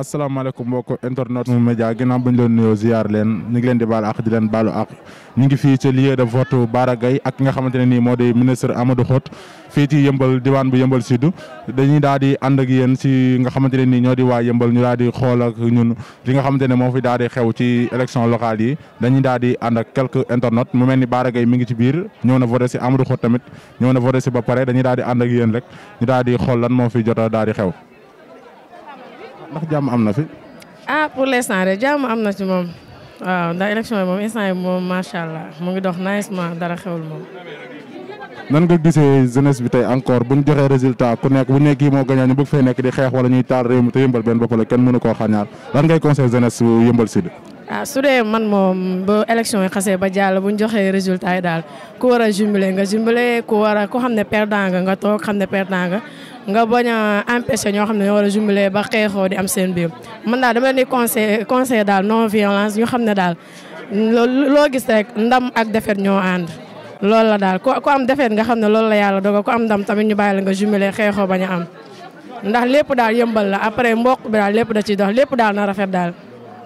asalaamaaleykum mbokk internet mu média ginnaaw bu ñu leen nuyoo leen ñu leen di baalu àq di leen baalu àq ñu ngi fii ci lieu de vote Bara Gaye ak ki nga xamante ne nii moo di ministre Amadou Hott fii ci yëmbal diwaan bu yëmbal sud dañuy daal di ànd ak yéen si nga xamante ne nii ñoo di waa yëmbal ñu daal di xool ak ñun li nga xamante ne moo fi daal di xew ci élection locale yi dañuy daal di ànd ak quelques internautes mu mel ni Bara Gaye mi ngi ci biir ñëw na voté si Amadou Hott tamit ñëw na voté si pare dañuy daal di ànd yéen rek daal di xool lan moo fi jot daal di xew ndax jàmm am na fi. ah pour l'instant de jàmm am na ci moom waaw ndax élection yi moom instant yi moom macha allah mu ngi dox naajement dara xewul moom. nan nga gisee jeunesse bi tey encore bu ñu joxee résultat ku nekk bu nekk kii moo gañaa ñu bëgg fay nekk di xeex wala ñuy taal réew mi te yëmbal benn bopp la kenn mënu koo xañaar lan ngay conseil jeunesse yëmbal sud. ah su dee man moom ba élection yi xasee ba jàll bu ñu joxee résultat yi daal ku war a a nga bañ a ñoo xam ne ñoo war a jumelé ba xeexoo di am seen biir man naa dama leen di conseil conseil daal non violence ñu xam ne daal loo gis rek ndam ak defet ñoo ànd loolu la daal ku am defet nga xam ne loolu la yàlla dogal ko am ndam tamit ñu bàyyi la nga jumelé xeexoo bañ a am ndax lépp daal yëmbal la après mbokk bi daal lépp da ciy dox lépp daal na rafet daal.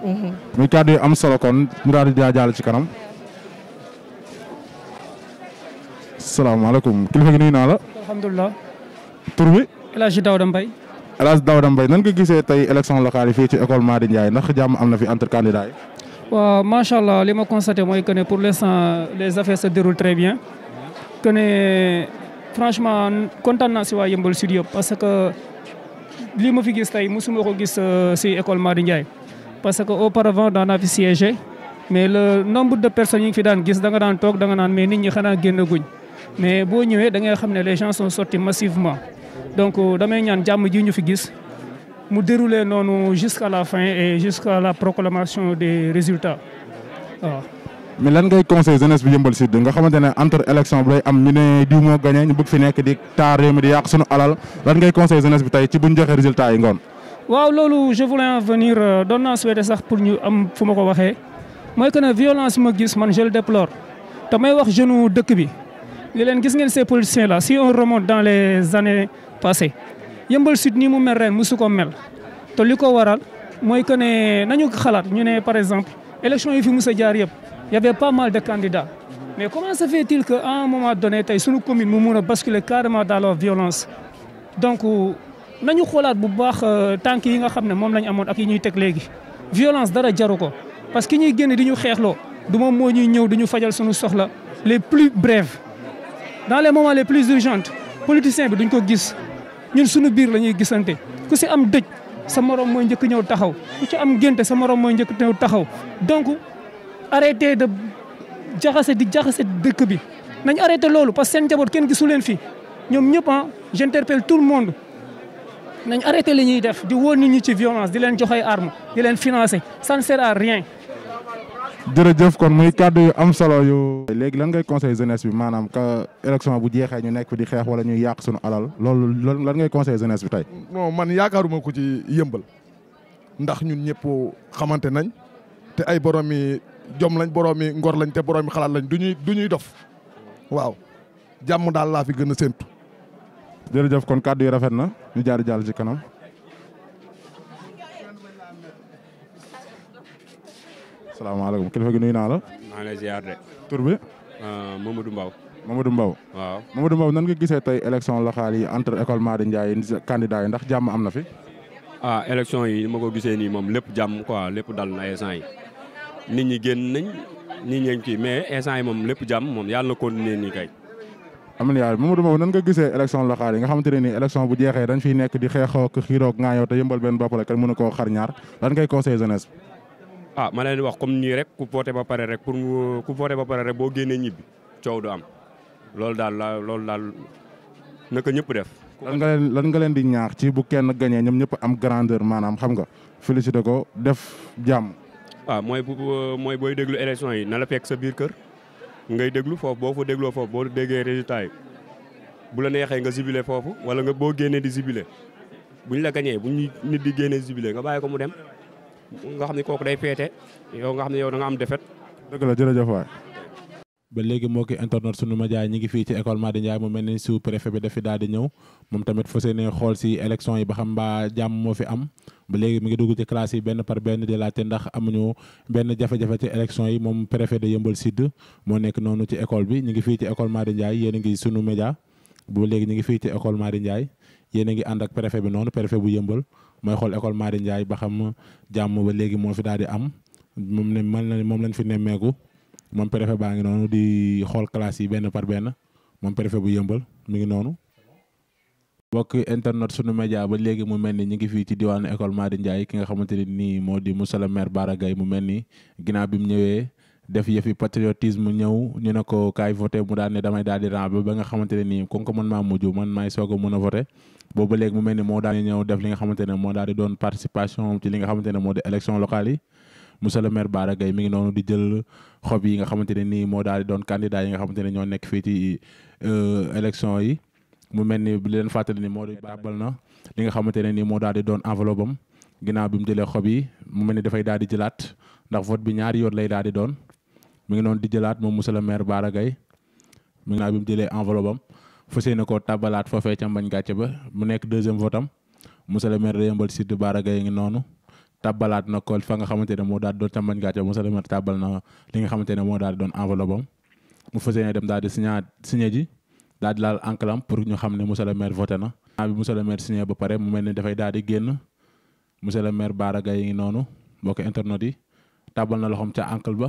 Mhm. muy kàddu yu am solo kon mu daal di jàll ci kanam. salaamaaleykum kilifa gi nuyu naa la. pour bi. El Hadj Daouda mbay El Hadj Daouda mbay nan ka gisee tey élection locale yi fii ci école Mady Ndiaye ndax jàmm am na fi entre candidats yi. waaw macha allah li ma constaté mooy que ne pour l'instant les affaires se déroulent très bien. que ne franchement kontaan naa si waa Yeumbeul Sud yëpp parce que lii ma fi gis tey mosuma ko gis euh, si école Mady Ndiaye. parce que auparavant daan naa fi siégé mais le nombre de personnes yi fi daan gis da nga daan toog da nga naan mais nit ñi xanaa génn guñ mais boo ñëwee da ngay xam ne les gens sont sortis massivement. donc euh, damay ñaan jàmm ji ñu fi gis mu déroulé noonu jusqu'à la fin et jusqu'à la proclamation de résultat waaw. mais lan ngay conseil jeunesse bi yëmbal sud nga xamante ne entre élection bi day am ñu ne diw moo gagné ñu bëgg fi nekk di taar réew mi di yàq sunu alal lan ngay conseil jeunesse bi tey ci buñ joxe résultat yi ngoon. waaw loolu je voulais en venir euh, doon naa sax pour ñu am fu ma ko waxee mooy que ne violence ma gis man je le déplore te may wax jeune dëkk bi. ni leen gis ngeen ces politiciens là si on remonte dans les années passées yëmbal sud nii mu mel ren mosu ko mel te li ko waral mooy que ne nañu xalaat ñu ne par exemple élection yi fi mos a jaar yëpp y avait pas mal de candidats mais comment se fait-il que à un moment tey suñu commune mu mun a basculer carrément dans la violence donc nañu xoolaat bu baax euh, tànk yi nga xam ne moom lañu amoon ak yi ñuy teg léegi violence dara jaru ko parce que ñuy génn di ñu xeexloo du moom moo ñuy ñëw di fajal suñu soxla les plus brèves dans les moments les plus urgents politicien bi duñ ko gis ñun suñu biir la ñuy gisante ku si am dëj sa morom mooy njëkk ñëw taxaw ku ci am génte sa morom mooy njëkk ñëw taxaw donc arrêté de jaxase di jaxase dëkk bi nañ arrêté loolu parce que seen njaboot kenn gisu leen fi ñoom ñëpp ah j'interpelle tout le monde nañ arrêté li ñuy def di wóor nit ñi ci violence di leen joxe arm di leen financé ça ne sert à jërëjëf kon muy kàddu yu am solo yu. léegi lan ngay conseil jeunesse bi maanaam ka élection bu jeexee ñu nekk di xeex wala ñuy yàq suñu alal loolu loolu lan ngay conseil jeunesse bi tey. non man yaakaaruma ko ci yëmbal ndax ñun ñëpp xamante nañ te ay borom yi jom lañ borom yi ngor lañ te borom yi xalaat lañ du ñuy du ñuy dof waaw jàmm daal laa fi gën a séntu. jërëjëf kon kàddu yi rafet na ñu jaari jàll ci kanam. salaamaaleykum kilifa gi nuyu naa la. maa ngi lay ziar de. tur bi. Euh, Mamadou Mbaw. Mamadou Mbaw. waaw Mamadou Mbaw nan nga gisee tey élection locale yi entre école Mady Ndiaye candidat yi ndax jàmm am na fi. ah élection yi ni ma ko gisee nii moom lépp jàmm quoi lépp dal na instant yi nit ñi génn nañ nit ñi kii mais instant yi moom lépp jàmm moom yàlla na continuer nii kay. am na yaay Mamadou Mbaw nan nga gisee élection locale yi nga xamante nii élection bu jeexee dañ fiy nekk di xeexoo ak xiiroo ak ŋaayoo xar ñaar lan ngay conseillé jeunesse ah ma leen wax comme nii rek ku voté ba pare rek pour ku voté ba pare boo génnee ñibbi coow du am loolu daal la loolu daal naka ñëpp def. lan nga leen lan nga leen di ñaax ci bu kenn gañee ñoom ñëpp am grandeur maanaam xam nga félicité ko def jàmm. waaw ah, mooy bu mooy booy déglu élection yi na la fekk sa biir kër ngay déglu foofu boo fa dégloo foofu boo déggee résultat yi bu la neexee nga zibilé foofu wala nga boo génnee di bu buñ la gañee buñ nit di génnee zibilé nga bàyyi ko mu dem. nga xam ne kooku day peete yow nga xam ne yow da nga am defet dëgg jërëjëf waay ba léegi moo ki internet sunu média ñi ngi fii ci école Madi Ndiaye mu mel ni sous préfet bi dafi daal di ñëw moom tamit fas yéene xool si élection yi ba xam mbaa jàmm moo fi am ba léegi mi ngi dugg ci classe yi benn par benn di laajte ndax amuñu benn jafe-jafe ci élection yi moom préfet de Yeumbeul Sud moo nekk noonu ci école bi ñu ngi fii ci école Madi Ndiaye yéen a ngi sunu média bo léegi ñu fii ci école Madi Ndiaye yéen a ngi ànd ak bi noonu préfet bu yëmbal mooy xool école Mari Ndiaye ba xam jàmm ba léegi moo fi daal di am moom ne man na moom lañ fi nemmeeku moom préfet baa ngi noonu di xool classe yi benn par benn moom préfet bu yëmbal mi ngi noonu. mbokk internet sunu média ba léegi mu mel ni ñu ngi fii ci diwaanu école Mari Ndiaye ki nga xamante ne nii moo di Moussa le maire Bara Gaye mu mel ni ginnaaw bi ñëwee. def yëfi patriotisme ñëw ñu ne ko kaay voté mu daal ne damay daal di ran ba nga xamante ne nii kon ko man maa mujj man maay soog a mën a voté boobu léegi mu mel ni moo daal di ñëw def li nga xamante ne moo daal di doon participation ci li nga ne moo di élection locale yi monsieur le maire Bara Gaye mi di jël xob yi nga xamante ne nii moo daal di doon candidat yi nga xamante ne ñoo nekk fii ci euh, élection yi mu mel ni li leen fàttali ni moo di bàbbal na li nga xamante ne nii moo daal di doon enveloppe am bi mu jëlee xob yi mu mel ni dafay daal di jëlaat ndax vote bi ñaari yoon lay daal di doon mu ngi noonu di jëlaat moom monsieur le maire Bara Gaye mi ngi naa bi mu jëlee koo tabalaat foofee ca mbañ ba mu nekk deuxième votam monsieur le maire de Yeumbeul Sud Bara Gaye ngi noonu tabalaat na xamante ne moo daal doon ca mbañ gàcce ba monsieur le maire nga xamante ne moo daal doon enveloppe am mu fas dem daal di signé signé ji daal di pour ñu xam ne monsieur le maire voté na. naa bi monsieur le maire pare mu mel ne dafay daal di génn monsieur le maire Bara Gaye ngi noonu mbokk internet yi tabal na loxoom ca encre ba.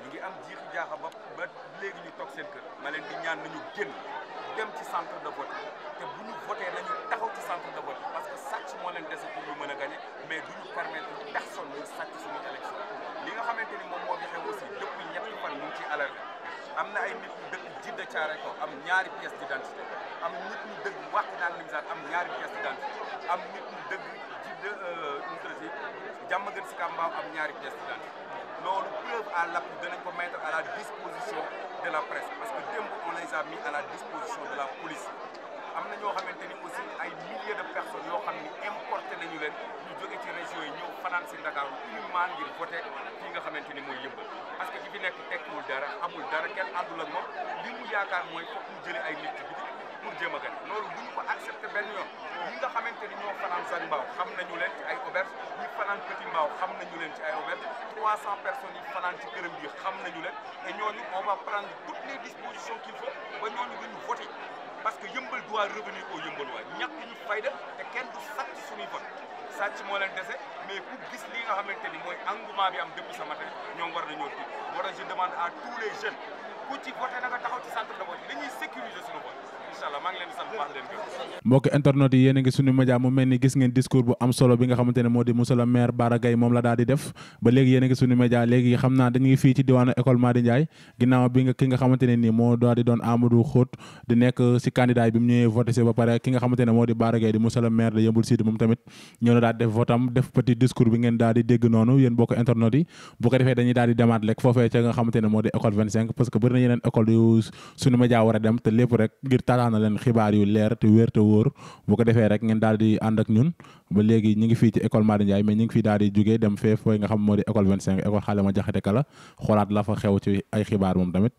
ñu ngi am jiixi jaaxa ba ba léegi ñu toog seen kër ma leen di ñaan nañu génn dem ci centre de vote te bu ñu voté nañu taxaw ci centre de vote parce que sàcc moo leen des pour ñu mën a gagné mais du ñu permettre personne ñu sàcc suñu élection li nga xamante ni moom moo fi xew aussi depuis ñetti mu ngi ciy alerte am na ay nit ñu dëkk jidda caare ko am ñaari pièce d'identité am nit ñu dëgg wàq naan limsaan am ñaari pièce d'identité am ñu dëgg de nutrasi jàmm gën si kàmbaaw am ñaari pièces d'identité loolu preuve à danañ ko mettre à la disposition de la presse parce que démb on les à la disposition de la police am na ñoo xamante ni aussi ay milliers de personnes yoo xam ni importé nañu leen ñu jóge ci région yi ñëw fanaan si Dakar uniquement ngir voté fii nga xamante ni mooy yëmbal parce que ki fi nekk tekkiwul dara amul dara kenn àndul ak moom li mu yaakaar mooy foog ñu jëlee ay nit ci pour jéem a gañ loolu bu ñu ko accepté benn yoon ñi nga xamante ni ñoo fanaan Zac Mbao xam nañu leen ci ay auberge ñi fanaan Petit Mbao xam nañu leen ci ay auberge 300 personnes yi fanaan ci këram xam na leen et ñooñu on va prendre toutes les dispositions qu'il faut ba ñooñu gën ñu voté parce que yëmbal doit revenir au yëmbal waay ñàkk ñu fayda te kenn du sàcc suñuy mais ku gis li nga xamante ni mooy engouement bi am depuis ce matin ñoom war nañoo tudd war na je demande à tous les jeunes ku ci voté na nga taxaw ci centre de vote dañuy sécuriser suñu vote mbokk internet yi yéen a ngi mu mel gis ngeen discours bu am solo bi nga xamante moo di monsieur maire Bara moom la daal di def ba léegi yéen a ngi suñu média léegi xam naa dañuy fii ci bi nga ki moo di doon di nekk maire de Yeumbeul Sud moom tamit ñoo na daal def votam def petit discours bi ngeen daal di dégg noonu yéen mbokk internet yi bu ko defee dañuy daal di demaat lekk foofee ca nga xamante moo di école 25 tasaaraan na leen xibaar yu leer te wér te wóor bu defee rek ngeen daal di ànd ñun ba léegi ñu ngi fii ci école Madi Ndiaye mais daal di jógee dem fee fooy nga xam moo di école 25 ma jaxate kala xoolaat la fa xew ci ay xibaar moom tamit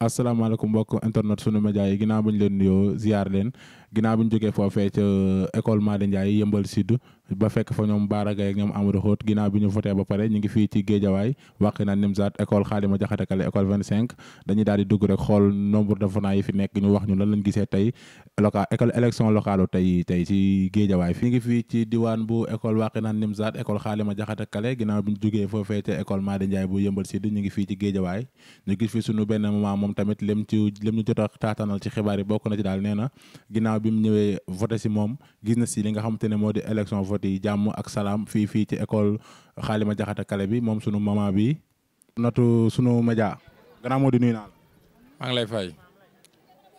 asalaamaaleykum mbokk internet sunu média yi ginnaaw bañ leen nuyoo ziar leen ginnaaw bi ñu jógee foofee ca euh, école Madi Ndiaye yëmbal sud ba fekk fa ñoom Baara Gaye ba pare ñu ngi fii ci Géejawaay wàq na Nimzaat école Xaalima Jaxate Kale école 25 dañuy daal di dugg rek xool nombre de nekk ñu ñu lan lañ gisee tey local école élection locale tey tey ci Géejawaay fi ngi fii ci diwaan bu école wàq na Nimzaat école Xaalima Jaxate Kale ginnaaw bi ñu jógee foofee ca école Madi Ndiaye bu yëmbal sud ñu ngi fii ci Géejawaay ñu gis fi suñu benn moment moom tamit lim ci lim ñu jot a taatanal ci xibaar yi bokk na ci daal nee na ginnaaw bi mu ñëwee vote si moom gis na si li nga xamante ne moo di élection vote yi ak salaam fii fii ci école Xaalima Jaxate Kale bi moom sunu maman bi natu sunu média gannaaw moo di nuyu naa la. maa ngi lay fay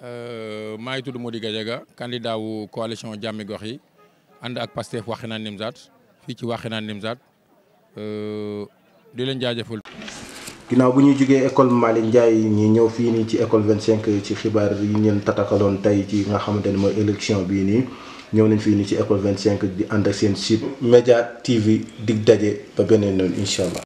euh, maa ngi tudd Mody Gadiaga candidat wu coalition Jàmmi Gox yi ànd ak Pastef Wakhinane Nimzatt fii ci Wakhinane Nimzatt euh, di leen jaajëfal. ginaaw bu ñuy jógee école Malick Ndiaye ñi ñëw fii nii ci école 25 ci xibaar yi ngeen tatakaloon tey ci nga xamante ne mooy élection bii nii ñëw nañ fii nii ci école 25 di ànd ak seen site Média TV dig daje ba beneen noonu incha allah.